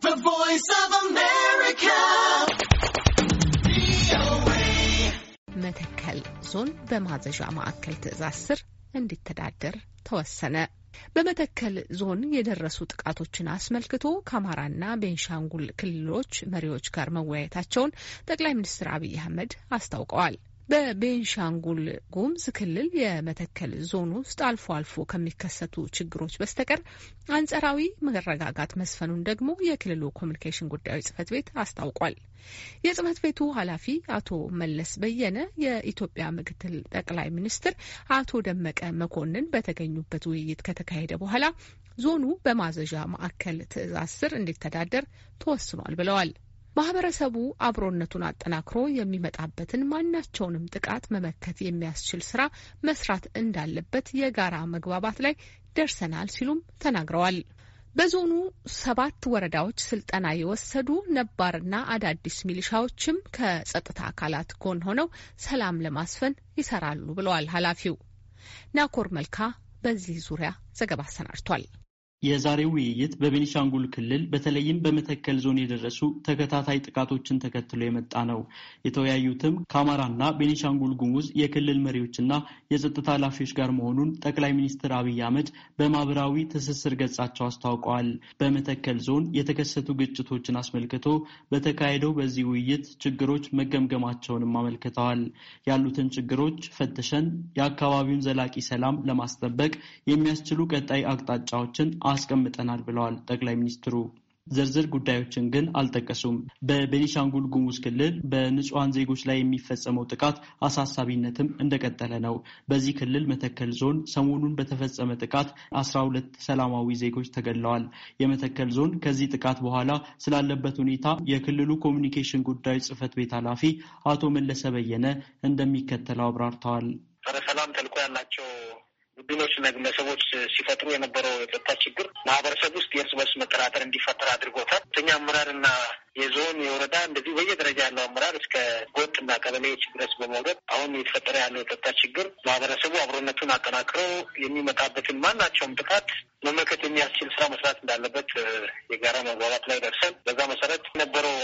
The Voice of America. መተከል ዞን በማዘዣ ማዕከል ትዕዛዝ ስር እንዲተዳደር ተወሰነ። በመተከል ዞን የደረሱ ጥቃቶችን አስመልክቶ ከአማራና ቤንሻንጉል ክልሎች መሪዎች ጋር መወያየታቸውን ጠቅላይ ሚኒስትር አብይ አህመድ አስታውቀዋል። በቤንሻንጉል ጉምዝ ክልል የመተከል ዞን ውስጥ አልፎ አልፎ ከሚከሰቱ ችግሮች በስተቀር አንጸራዊ መረጋጋት መስፈኑን ደግሞ የክልሉ ኮሚኒኬሽን ጉዳዮች ጽህፈት ቤት አስታውቋል። የጽህፈት ቤቱ ኃላፊ አቶ መለስ በየነ የኢትዮጵያ ምክትል ጠቅላይ ሚኒስትር አቶ ደመቀ መኮንን በተገኙበት ውይይት ከተካሄደ በኋላ ዞኑ በማዘዣ ማዕከል ትዕዛዝ ስር እንዲተዳደር ተወስኗል ብለዋል። ማህበረሰቡ አብሮነቱን አጠናክሮ የሚመጣበትን ማናቸውንም ጥቃት መመከት የሚያስችል ስራ መስራት እንዳለበት የጋራ መግባባት ላይ ደርሰናል ሲሉም ተናግረዋል። በዞኑ ሰባት ወረዳዎች ስልጠና የወሰዱ ነባርና አዳዲስ ሚሊሻዎችም ከጸጥታ አካላት ጎን ሆነው ሰላም ለማስፈን ይሰራሉ ብለዋል ኃላፊው። ናኮር መልካ በዚህ ዙሪያ ዘገባ አሰናድቷል። የዛሬው ውይይት በቤኒሻንጉል ክልል በተለይም በመተከል ዞን የደረሱ ተከታታይ ጥቃቶችን ተከትሎ የመጣ ነው። የተወያዩትም ከአማራና ቤኒሻንጉል ጉሙዝ የክልል መሪዎችና የጸጥታ ኃላፊዎች ጋር መሆኑን ጠቅላይ ሚኒስትር አብይ አህመድ በማህበራዊ ትስስር ገጻቸው አስታውቀዋል። በመተከል ዞን የተከሰቱ ግጭቶችን አስመልክቶ በተካሄደው በዚህ ውይይት ችግሮች መገምገማቸውንም አመልክተዋል። ያሉትን ችግሮች ፈትሸን የአካባቢውን ዘላቂ ሰላም ለማስጠበቅ የሚያስችሉ ቀጣይ አቅጣጫዎችን አስቀምጠናል ብለዋል ጠቅላይ ሚኒስትሩ። ዝርዝር ጉዳዮችን ግን አልጠቀሱም። በቤኒሻንጉል ጉሙዝ ክልል በንጹሐን ዜጎች ላይ የሚፈጸመው ጥቃት አሳሳቢነትም እንደቀጠለ ነው። በዚህ ክልል መተከል ዞን ሰሞኑን በተፈጸመ ጥቃት አስራ ሁለት ሰላማዊ ዜጎች ተገድለዋል። የመተከል ዞን ከዚህ ጥቃት በኋላ ስላለበት ሁኔታ የክልሉ ኮሚኒኬሽን ጉዳዮች ጽህፈት ቤት ኃላፊ አቶ መለሰ በየነ እንደሚከተለው አብራርተዋል። ቡድኖች እና ግለሰቦች ሲፈጥሩ የነበረው የጸጥታ ችግር ማህበረሰብ ውስጥ የእርስ በርስ መጠራጠር እንዲፈጠር አድርጎታል። ተኛ አመራርና የዞን የወረዳ እንደዚህ በየደረጃ ያለው አመራር እስከ ጎጥና ቀበሌዎች ድረስ በመውረድ አሁን የተፈጠረ ያለው የጸጥታ ችግር ማህበረሰቡ አብሮነቱን አጠናክሮ የሚመጣበትን ማናቸውም ጥቃት መመከት የሚያስችል ስራ መስራት እንዳለበት የጋራ መግባባት ላይ ደርሰን በዛ መሰረት የነበረው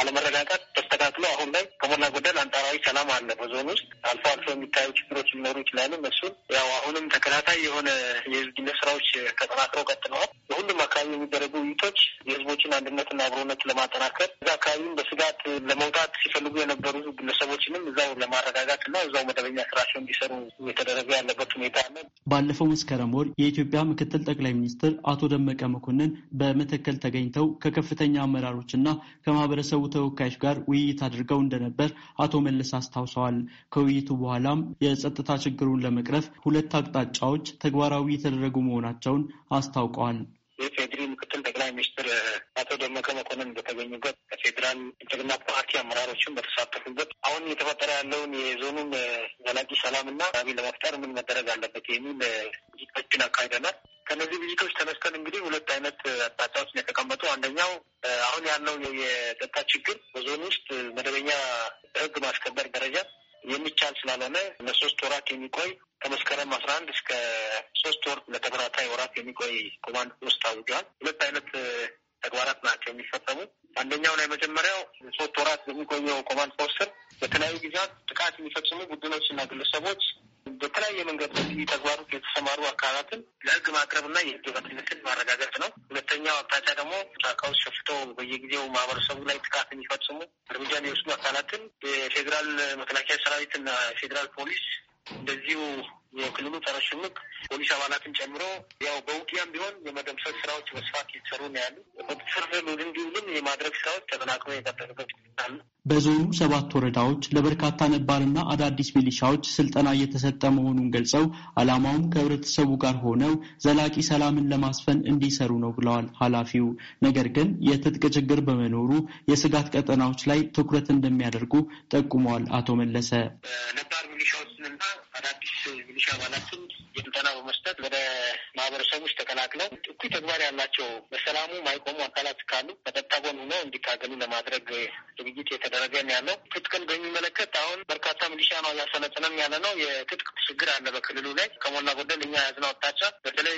አለመረጋጋት ተስተካክሎ አሁን ላይ ከሞላ ጎደል አንጻራዊ ሰላም አለ። በዞን ውስጥ አልፎ አልፎ የሚታዩ ችግሮች ሊኖሩ ይችላሉ። እነሱን ያው አሁንም ተከታታይ የሆነ የህዝብ ስራዎች ተጠናክረው ቀጥለዋል። በሁሉም አካባቢ የሚደረጉ ውይይቶች የህዝቦችን አንድነትና አብሮነት ለማጠናከር እዛ አካባቢም በስጋት ለመውጣት ሲፈልጉ የነበሩ ግለሰቦችንም እዛው እና እዛው መደበኛ ስራቸው እንዲሰሩ የተደረገ ያለበት ሁኔታ አለ። ባለፈው መስከረም ወር የኢትዮጵያ ምክትል ጠቅላይ ሚኒስትር አቶ ደመቀ መኮንን በመተከል ተገኝተው ከከፍተኛ አመራሮችና ከማህበረሰቡ ተወካዮች ጋር ውይይት አድርገው እንደነበር አቶ መለስ አስታውሰዋል። ከውይይቱ በኋላም የጸጥታ ችግሩን ለመቅረፍ ሁለት አቅጣጫዎች ተግባራዊ የተደረጉ መሆናቸውን አስታውቀዋል። የፌድሪ ምክትል ጠቅላይ ሚኒስትር አቶ ደመቀ መኮንን በተገኙበት ከፌዴራል ብልጽግና ፓርቲ አመራሮችን በተሳተፉበት አሁን እየተፈጠረ ያለውን የዞኑን ዘላቂ ሰላምና ራቢ ለመፍጠር ምን መደረግ አለበት የሚል ውይይቶችን አካሂደናል። ከነዚህ ውይይቶች ተነስተን እንግዲህ ሁለት አይነት አቅጣጫዎች ነው የተቀመጡ። አንደኛው አሁን ያለው የጸጥታ ችግር በዞን ውስጥ መደበኛ ህግ ማስከበር ደረጃ የሚቻል ስላልሆነ ለሶስት ወራት የሚቆይ ከመስከረም አስራ አንድ እስከ ሶስት ወር ለተከታታይ ወራት የሚቆይ ኮማንድ ፖስት አውጇል። ሁለት አይነት ተግባራት ናቸው የሚፈጸሙ። ላይ የመጀመሪያው ሶስት ወራት የሚቆየው ኮማንድ ፖስት ስር በተለያዩ ጊዜያት ጥቃት የሚፈጽሙ ቡድኖች እና ግለሰቦች በተለያየ መንገድ በዚህ ተግባሮች የተሰማሩ አካላትን ለህግ ማቅረብና የህግ የበላይነትን ማረጋገጥ ነው። ሁለተኛው አቅጣጫ ደግሞ ጫካዎች ሸፍቶ በየጊዜው ማህበረሰቡ ላይ ጥቃት የሚፈጽሙ እርምጃ የሚወስዱ አካላትን የፌዴራል መከላከያ ሰራዊትና የፌዴራል ፖሊስ እንደዚሁ የክልሉ ጸረ ሽምቅ ፖሊስ አባላትን ጨምሮ ያው በውጊያም ቢሆን የመደምሰስ ስራዎች በስፋት እየተሰሩ ነው ያሉ። ቁጥጥር ስር እንዲውልም የማድረግ ስራዎች ተጠናክሮ የቀጠሉበት በዞኑ ሰባት ወረዳዎች ለበርካታ ነባርና አዳዲስ ሚሊሻዎች ስልጠና እየተሰጠ መሆኑን ገልጸው ዓላማውም ከህብረተሰቡ ጋር ሆነው ዘላቂ ሰላምን ለማስፈን እንዲሰሩ ነው ብለዋል ኃላፊው። ነገር ግን የትጥቅ ችግር በመኖሩ የስጋት ቀጠናዎች ላይ ትኩረት እንደሚያደርጉ ጠቁመዋል። አቶ መለሰ ነባር remember አዳዲስ ሚሊሻ አባላትን የስልጠና በመስጠት ወደ ማህበረሰቡ ውስጥ ተቀላቅለው እኩይ ተግባር ያላቸው በሰላሙ ማይቆሙ አካላት ካሉ በጸጥታ ጎን ሆነው እንዲታገሉ ለማድረግ ዝግጅት የተደረገ ነው ያለው። ትጥቅን በሚመለከት አሁን በርካታ ሚሊሻ ነው እያሰለጠነም ያለ ነው። የትጥቅ ችግር አለ በክልሉ ላይ ከሞላ ጎደል። እኛ ያዝነው አቅጣጫ በተለይ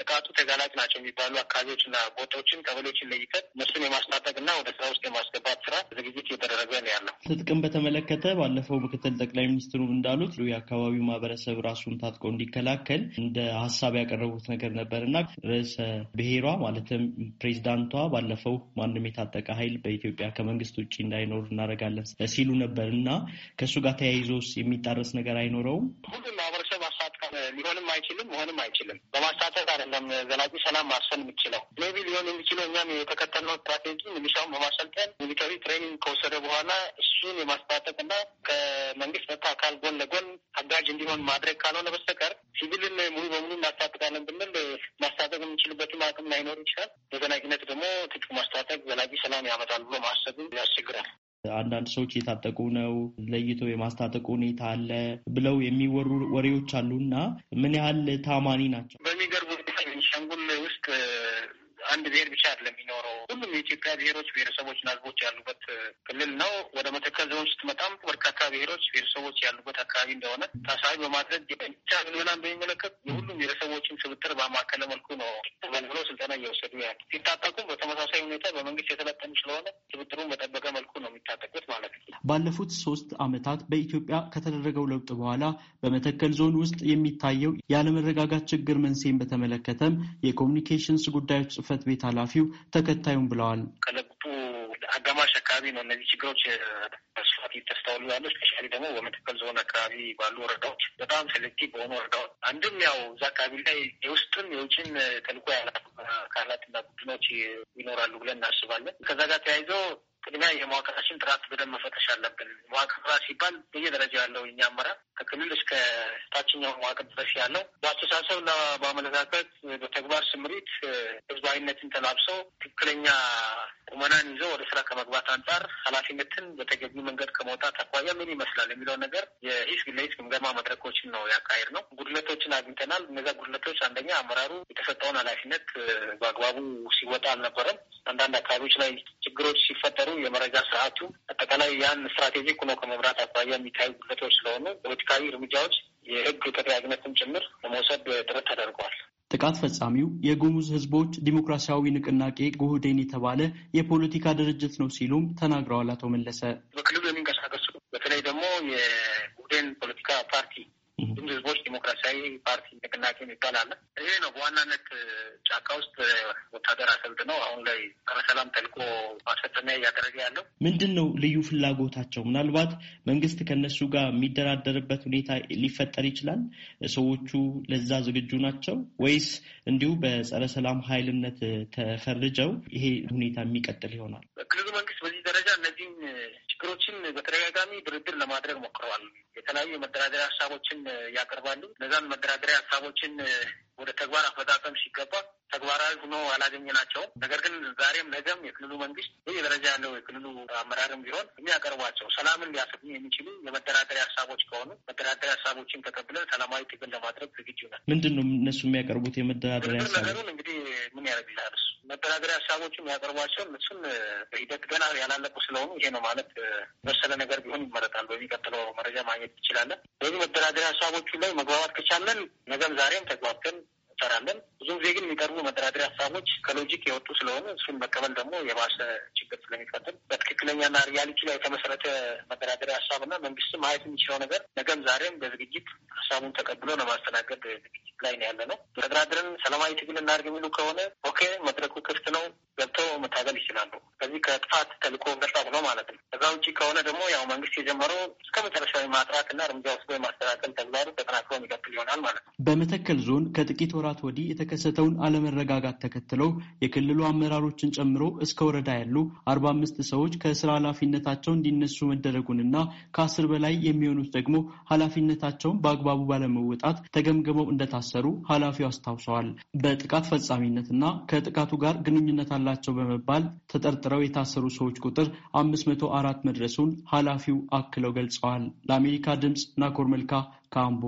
ጥቃቱ ተጋላጭ ናቸው የሚባሉ አካባቢዎችና ቦታዎችን፣ ቀበሌዎችን ለይተን እነሱን የማስታጠቅና ወደ ስራ ውስጥ የማስገባት ስራ ዝግጅት እየተደረገ ነው ያለው። ትጥቅን በተመለከተ ባለፈው ምክትል ጠቅላይ ሚኒስትሩ እንዳሉት የአካባቢ አካባቢው ማህበረሰብ ራሱን ታጥቆ እንዲከላከል እንደ ሀሳብ ያቀረቡት ነገር ነበር እና ርዕሰ ብሔሯ ማለትም ፕሬዚዳንቷ ባለፈው ማንም የታጠቀ ኃይል በኢትዮጵያ ከመንግስት ውጭ እንዳይኖር እናደርጋለን ሲሉ ነበር እና ከእሱ ጋር ተያይዞስ የሚጣረስ ነገር አይኖረውም? ሊሆንም አይችልም መሆንም አይችልም። በማሳተፍ አይደለም ዘላቂ ሰላም ማስፈን የምችለው ሜቢ ሊሆን የሚችለው እኛም የተከተልነው ስትራቴጂ ሚሊሻውን በማሰልጠን ሚሊተሪ ትሬኒንግ ከወሰደ በኋላ እሱን የማስታጠቅ እና ከመንግስት መታ አካል ጎን ለጎን አጋዥ እንዲሆን ማድረግ ካልሆነ በስተቀር ሲቪልን ሙሉ በሙሉ እናስታጥቃለን ብንል ማስታጠቅ የምንችልበትም አቅም ላይኖር ይችላል። በዘላቂነት ደግሞ ትጥቅ ማስታጠቅ ዘላቂ ሰላም ያመጣል ብሎ ማሰብ ያስቸግራል። አንዳንድ ሰዎች እየታጠቁ ነው፣ ለይቶ የማስታጠቁ ሁኔታ አለ ብለው የሚወሩ ወሬዎች አሉ እና ምን ያህል ታማኒ ናቸው? የኢትዮጵያ ብሔሮች ብሔረሰቦችና ህዝቦች ያሉበት ክልል ነው። ወደ መተከል ዞን ስትመጣም በርካታ ብሔሮች ብሔረሰቦች ያሉበት አካባቢ እንደሆነ ታሳቢ በማድረግ ብቻ ምንሆናን በሚመለከት የሁሉም ብሔረሰቦችን ስብጥር በማከለ መልኩ ነው መንብሎ ስልጠና እየወሰዱ ያል ሲታጠቁም በተመሳሳይ ሁኔታ በመንግስት የተለጠኑ ስለሆነ ስብጥሩን በጠበቀ መልኩ ነው የሚታጠቁት ማለት ነው። ባለፉት ሶስት አመታት በኢትዮጵያ ከተደረገው ለውጥ በኋላ በመተከል ዞን ውስጥ የሚታየው ያለመረጋጋት ችግር መንስኤን በተመለከተም የኮሚኒኬሽንስ ጉዳዮች ጽህፈት ቤት ኃላፊው ተከታዩም ብለዋል። ከለቡ አጋማሽ አካባቢ ነው እነዚህ ችግሮች በስፋት ይስተዋሉ ያሉ። ስፔሻሊ ደግሞ በመተከል ዞን አካባቢ ባሉ ወረዳዎች በጣም ሴሌክቲቭ በሆኑ ወረዳዎች አንድም ያው እዛ አካባቢ ላይ የውስጥም የውጭን ተልኮ ያላ አካላትና ቡድኖች ይኖራሉ ብለን እናስባለን። ከዛ ጋር ተያይዘው ቅድሚያ የመዋቅራችን ጥራት በደንብ መፈተሽ አለብን። መዋቅር ጥራት ሲባል በየደረጃ ያለው እኛ አመራር ከክልል እስከ ታችኛው መዋቅር ድረስ ያለው በአስተሳሰብና በአመለካከት በተግባር ስምሪት ህዝባዊነትን ተላብሰው ትክክለኛ ቁመናን ይዞ ወደ ስራ ከመግባት አንጻር ኃላፊነትን በተገቢ መንገድ ከመውጣት አኳያ ምን ይመስላል የሚለው ነገር የሂስግ ለሂስ ግምገማ መድረኮችን ነው ያካሄድ ነው። ጉድለቶችን አግኝተናል። እነዚ ጉድለቶች አንደኛ አመራሩ የተሰጠውን ኃላፊነት በአግባቡ ሲወጣ አልነበረም። አንዳንድ አካባቢዎች ላይ ችግሮች ሲፈጠሩ የመረጃ ስርዓቱ አጠቃላይ ያን ስትራቴጂክ ሆኖ ከመምራት አኳያ የሚታዩ ጉለቶች ስለሆኑ ፖለቲካዊ እርምጃዎች የህግ ተጠያቂነትን ጭምር ለመውሰድ ጥረት ተደርጓል። ጥቃት ፈጻሚው የጉሙዝ ህዝቦች ዲሞክራሲያዊ ንቅናቄ ጉህዴን የተባለ የፖለቲካ ድርጅት ነው ሲሉም ተናግረዋል። አቶ መለሰ በክልሉ የሚንቀሳቀሱ በተለይ ደግሞ የጉህዴን ፖለቲካ ፓርቲ ሁሉም ህዝቦች ዲሞክራሲያዊ ፓርቲ ንቅናቄ የሚባል አለ። ይሄ ነው በዋናነት ጫካ ውስጥ ወታደር አሰልጥ ነው አሁን ላይ ሰላም ተልኮ ማስፈጸሚያ እያደረገ ያለው ምንድን ነው ልዩ ፍላጎታቸው? ምናልባት መንግስት ከነሱ ጋር የሚደራደርበት ሁኔታ ሊፈጠር ይችላል። ሰዎቹ ለዛ ዝግጁ ናቸው ወይስ እንዲሁ በጸረ ሰላም ኃይልነት ተፈርጀው ይሄ ሁኔታ የሚቀጥል ይሆናል? ለማድረግ ሞክረዋል። የተለያዩ የመደራደሪያ ሀሳቦችን ያቀርባሉ። እነዛን መደራደሪያ ሀሳቦችን ወደ ተግባር አፈጻጸም ሲገባ ተግባራዊ ሆኖ አላገኘ ናቸውም። ነገር ግን ዛሬም ነገም የክልሉ መንግስት ይህ ደረጃ ያለው የክልሉ አመራርም ቢሆን የሚያቀርቧቸው ሰላምን ሊያሰፍኑ የሚችሉ የመደራደሪያ ሀሳቦች ከሆኑ መደራደሪያ ሀሳቦችን ተቀብለን ሰላማዊ ትግል ለማድረግ ዝግጁ ነን። ምንድን ነው እነሱ የሚያቀርቡት የመደራደሪያ ሀሳብ ነገሩን እንግዲህ ምን ያደርግልሃል እሱ መደራደሪያ ሀሳቦችም የሚያቀርቧቸው እሱን በሂደት ገና ያላለቁ ስለሆኑ ይሄ ነው ማለት መሰለ ነገር ቢሆን ይመረጣል። በሚቀጥለው መረጃ ማግኘት እንችላለን። በዚህ መደራደሪያ ሀሳቦቹ ላይ መግባባት ከቻለን ነገም ዛሬም ተግባብተን እንሰራለን። ብዙ ጊዜ ግን የሚቀርቡ መደራደሪያ ሀሳቦች ከሎጂክ የወጡ ስለሆነ እሱን መቀበል ደግሞ የባሰ ችግር ስለሚፈጥር በትክክለኛና ሪያሊቲ ላይ የተመሰረተ መደራደሪያ ሀሳብና መንግስትም ማየት የሚችለው ነገር ነገም ዛሬም በዝግጅት ሀሳቡን ተቀብሎ ለማስተናገድ ዝግጅት ላይ ነው ያለ ነው። ተደራድረን ሰላማዊ ትግል እናድርግ የሚሉ ከሆነ ኦኬ፣ መድረኩ ክፍት ነው፣ ገብተው መታገል ይችላሉ። ከዚህ ከጥፋት ተልዕኮ ነጻ ብሎ ማለት ነው። ከዛ ውጭ ከሆነ ደግሞ ያው መንግስት የጀመረው እስከ መጨረሻዊ ማጥራትና እርምጃ ወስዶ የማስተካከል ተግባሩ ተጠናክሮ የሚቀጥል ይሆናል ማለት ነው። በመተከል ዞን ከጥቂት ወራት ወዲህ የተከ የተከሰተውን አለመረጋጋት ተከትለው የክልሉ አመራሮችን ጨምሮ እስከ ወረዳ ያሉ አርባ አምስት ሰዎች ከስራ ኃላፊነታቸው እንዲነሱ መደረጉንና ከአስር በላይ የሚሆኑት ደግሞ ኃላፊነታቸውን በአግባቡ ባለመወጣት ተገምግመው እንደታሰሩ ኃላፊው አስታውሰዋል። በጥቃት ፈጻሚነትና ከጥቃቱ ጋር ግንኙነት አላቸው በመባል ተጠርጥረው የታሰሩ ሰዎች ቁጥር አምስት መቶ አራት መድረሱን ኃላፊው አክለው ገልጸዋል። ለአሜሪካ ድምፅ ናኮር መልካ ካምቦ